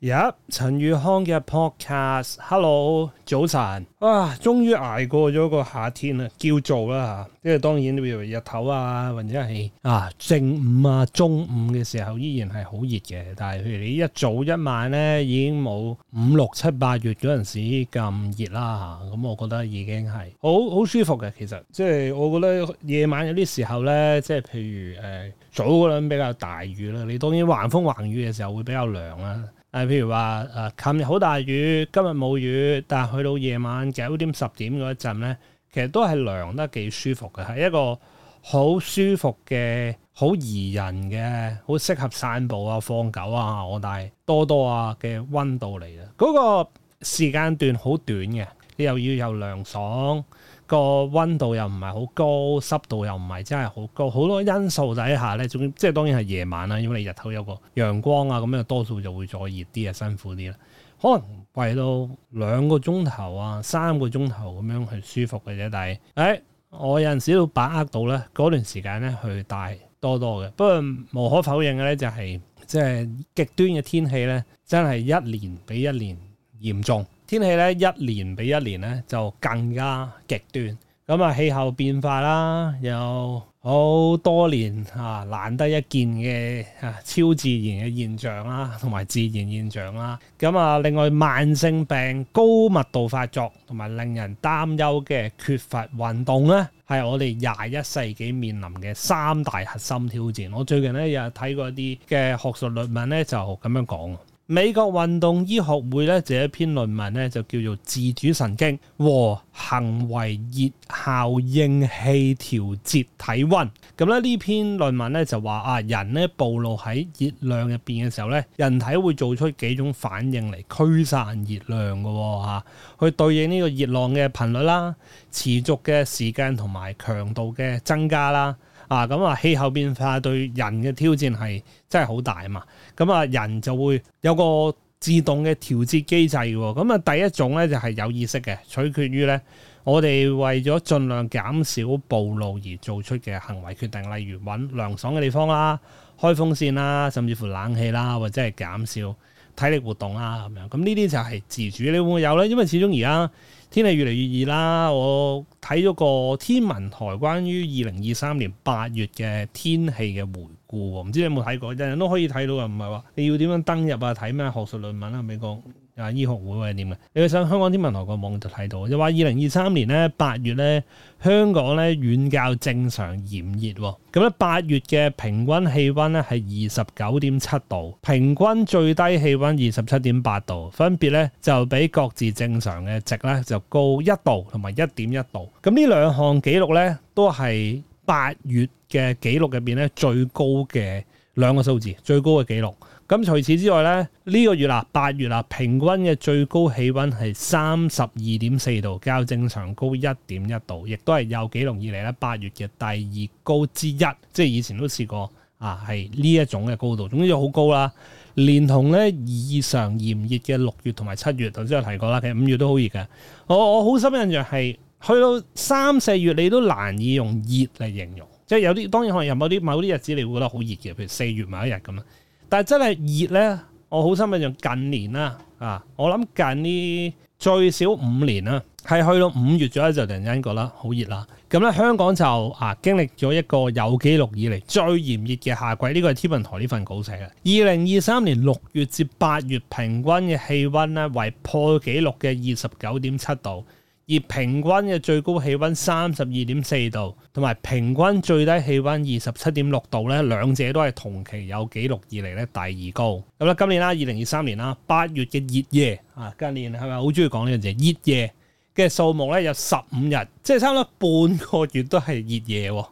Yep 陳宇康嘅 podcast，Hello 早晨，哇，終於捱過咗個夏天啦，叫做啦吓，因、啊、為當然譬如日頭啊，或者係啊正午啊、中午嘅時候依然係好熱嘅，但係譬如你一早一晚咧，已經冇五六七八月嗰陣時咁熱啦吓，咁、啊嗯、我覺得已經係好好舒服嘅。其實即係我覺得夜晚有啲時候咧，即係譬如誒、呃、早嗰輪比較大雨啦，你當然橫風橫雨嘅時候會比較涼啦、啊。誒，譬如話誒，琴日好大雨，今日冇雨，但係去到夜晚九點十點嗰陣咧，其實都係涼得幾舒服嘅，係一個好舒服嘅、好宜人嘅、好適合散步啊、放狗啊、我帶多多啊嘅温度嚟嘅，嗰、那個時間段好短嘅，你又要又涼爽，個温度又唔係好高，濕度又唔係真係好高，好多因素底下呢，總即係當然係夜晚啦，因為你日頭有個陽光啊咁樣，多數就會再熱啲啊，辛苦啲啦。可能維到兩個鐘頭啊，三個鐘頭咁樣係舒服嘅啫，但係誒，我有陣時都把握到呢，嗰段時間呢，去帶多多嘅。不過無可否認嘅呢，就係，就係即係極端嘅天氣呢，真係一年比一年嚴重。天氣咧，一年比一年咧，就更加極端，咁啊氣候變化啦，有好多年啊難得一見嘅超自然嘅現象啦，同埋自然現象啦，咁啊另外慢性病高密度發作，同埋令人擔憂嘅缺乏運動咧，係我哋廿一世紀面臨嘅三大核心挑戰。我最近咧，又睇過啲嘅學術論文咧，就咁樣講。美國運動醫學會咧，呢一篇論文咧，就叫做自主神經和行為熱效應器調節體温。咁咧，呢篇論文咧，就話啊人咧，暴露喺熱量入邊嘅時候咧，人體會做出幾種反應嚟驅散熱量嘅喎嚇，去對應呢個熱浪嘅頻率啦、持續嘅時間同埋強度嘅增加啦。啊，咁啊，氣候變化對人嘅挑戰係真係好大啊嘛！咁啊，人就會有個自動嘅調節機制喎。咁啊，第一種咧就係有意識嘅，取決於咧我哋為咗盡量減少暴露而做出嘅行為決定，例如揾涼爽嘅地方啦、開風扇啦，甚至乎冷氣啦，或者係減少。體力活動啊，咁樣咁呢啲就係自主，你會唔會有咧？因為始終而家天氣越嚟越熱啦。我睇咗個天文台關於二零二三年八月嘅天氣嘅回顧，唔知你有冇睇過？人人都可以睇到啊，唔係話你要點樣登入啊，睇咩學術論文啊，美國。啊！醫學會係點嘅？你去上香港天文台個網就睇到，就話二零二三年咧八月咧，香港咧遠較正常炎熱。咁咧八月嘅平均氣温咧係二十九點七度，平均最低氣温二十七點八度，分別咧就比各自正常嘅值咧就高一度同埋一點一度。咁呢兩項記錄咧都係八月嘅記錄入邊咧最高嘅兩個數字，最高嘅記錄。咁除此之外咧，呢、這個月啦，八月啦，平均嘅最高氣温係三十二點四度，較正常高一點一度，亦都係有紀錄以嚟咧八月嘅第二高之一，即係以前都試過啊，係呢一種嘅高度。總之就好高啦，連同咧異常炎熱嘅六月同埋七月，頭先有提過啦，其實五月都好熱嘅。我我好深印象係去到三四月，你都難以用熱嚟形容，即係有啲當然可能有某啲某啲日子，你會覺得好熱嘅，譬如四月某一日咁啊。但係真係熱呢，我好深刻，就近年啦，啊，我諗近呢最少五年啦，係去到五月左右就突然間覺得好熱啦。咁、嗯、咧香港就啊經歷咗一個有紀錄以嚟最炎熱嘅夏季，呢、呢個係天文台呢份稿寫嘅。二零二三年六月至八月平均嘅氣温呢，為破紀錄嘅二十九點七度。而平均嘅最高氣温三十二點四度，同埋平均最低氣温二十七點六度咧，兩者都係同期有記錄以嚟咧第二高。咁、嗯、啦，今年啦，二零二三年啦，八月嘅熱夜啊，今年係咪好中意講呢樣嘢？熱、這個、夜嘅數目咧有十五日，即係差唔多半個月都係熱夜喎。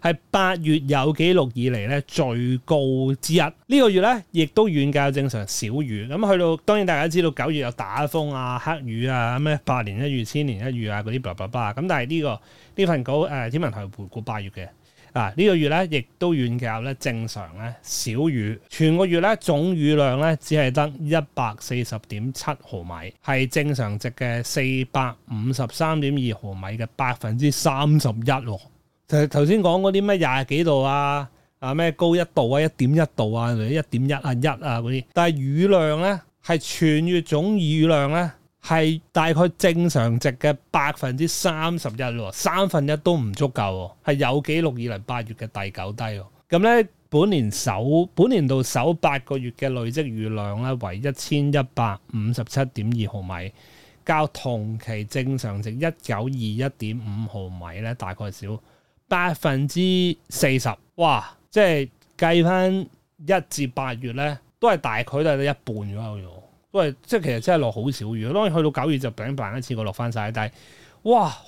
係八月有記錄以嚟咧最高之一，呢、這個月咧亦都遠較正常少雨。咁、嗯、去到當然大家都知道九月有打風啊、黑雨啊咩百年一遇、千年一遇啊嗰啲叭叭叭。咁、嗯、但係呢、這個呢份稿誒、呃、天文台回顧八月嘅啊呢、這個月咧亦都遠較咧正常咧少雨，全個月咧總雨量咧只係得一百四十點七毫米，係正常值嘅四百五十三點二毫米嘅百分之三十一。就頭先講嗰啲咩廿幾度啊，啊咩高一度啊，一點一度啊，一點一啊，一啊嗰啲。但係雨量呢，係全月總雨量呢，係大概正常值嘅百分之三十一咯，三分之一都唔足夠喎、啊，係有紀錄以嚟八月嘅第九低喎、啊。咁呢，本年首本年度首八個月嘅累積雨量呢，為一千一百五十七點二毫米，較同期正常值一九二一點五毫米呢，大概少。百分之四十，哇！即係計翻一至八月咧，都係大概都係得一半左右。樣，都係即係其實真係落好少雨。當然去到九月就頂白一次過落翻曬，但係哇，好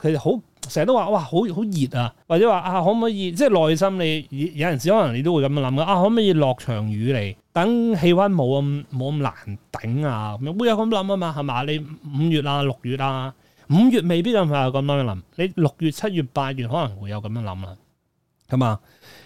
其實好成日都話哇，好好熱啊，或者話啊可唔可以即係內心你？你有有陣時可能你都會咁樣諗啊，可唔可以落場雨嚟等氣溫冇咁冇咁難頂啊？會有咁諗啊嘛，係嘛？你五月啊六月啊。五月未必有咁快咁樣諗，你六月、七月、八月可能會有咁樣諗啦，係嘛？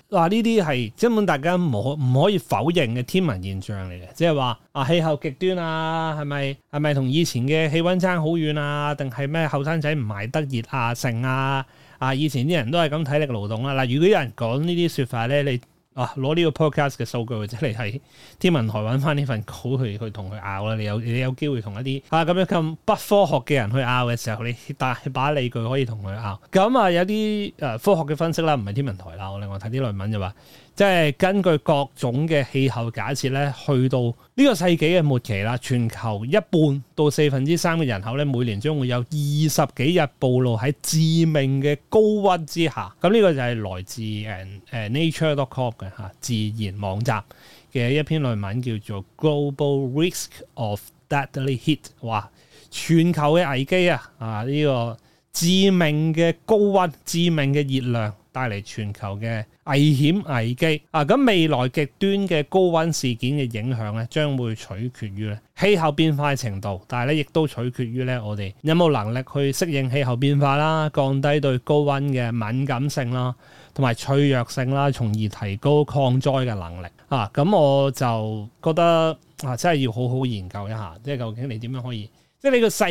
嗱呢啲係根本大家冇唔可以否認嘅天文現象嚟嘅，即係話啊氣候極端啊，係咪係咪同以前嘅氣溫差好遠啊？定係咩後生仔唔賣得熱啊盛啊？啊以前啲人都係咁體力嘅勞動啦、啊。嗱、啊，如果有人講呢啲說法咧，你。啊！攞呢個 podcast 嘅數據或者你喺天文台揾翻呢份稿去去同佢拗啦！你有你有機會同一啲啊咁樣咁不科學嘅人去拗嘅時候，你大把理據可以同佢拗。咁啊，有啲誒、呃、科學嘅分析啦，唔係天文台啦，我另外睇啲論文就話。即係根據各種嘅氣候假設咧，去到呢個世紀嘅末期啦，全球一半到四分之三嘅人口咧，每年將會有二十幾日暴露喺致命嘅高溫之下。咁、這、呢個就係來自誒誒 Nature.com 嘅嚇自然網站嘅一篇論文，叫做 Global Risk of Deadly Heat，哇，全球嘅危機啊啊呢、這個致命嘅高溫、致命嘅熱量。帶嚟全球嘅危險危機啊！咁未來極端嘅高溫事件嘅影響咧，將會取決於咧氣候變化程度，但係咧亦都取決於咧我哋有冇能力去適應氣候變化啦，降低對高溫嘅敏感性啦，同埋脆弱性啦，從而提高抗災嘅能力啊！咁我就覺得啊，真係要好好研究一下，即係究竟你點樣可以。即係呢個世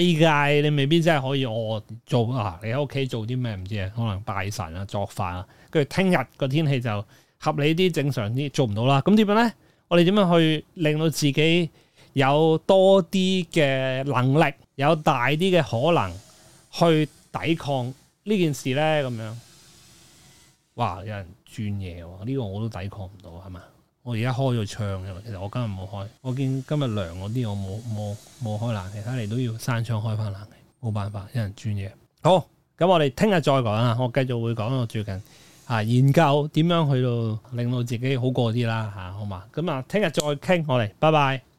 界，你未必真係可以我做啊！你喺屋企做啲咩唔知啊？可能拜神啊、作飯啊，跟住聽日個天氣就合理啲、正常啲，做唔到啦。咁、啊、點樣咧？我哋點樣去令到自己有多啲嘅能力，有大啲嘅可能去抵抗呢件事咧？咁樣，哇！有人轉嘢喎，呢、這個我都抵抗唔到，係嘛？我而家開咗窗嘅，其實我今日冇開。我見今日涼嗰啲，我冇冇冇開冷氣，睇嚟都要閂窗開翻冷氣，冇辦法，有人轉嘢。好，咁我哋聽日再講啦，我繼續會講到最近啊研究點樣去到令到自己好過啲啦，吓好嘛？咁啊，聽日、啊、再傾，我哋拜拜。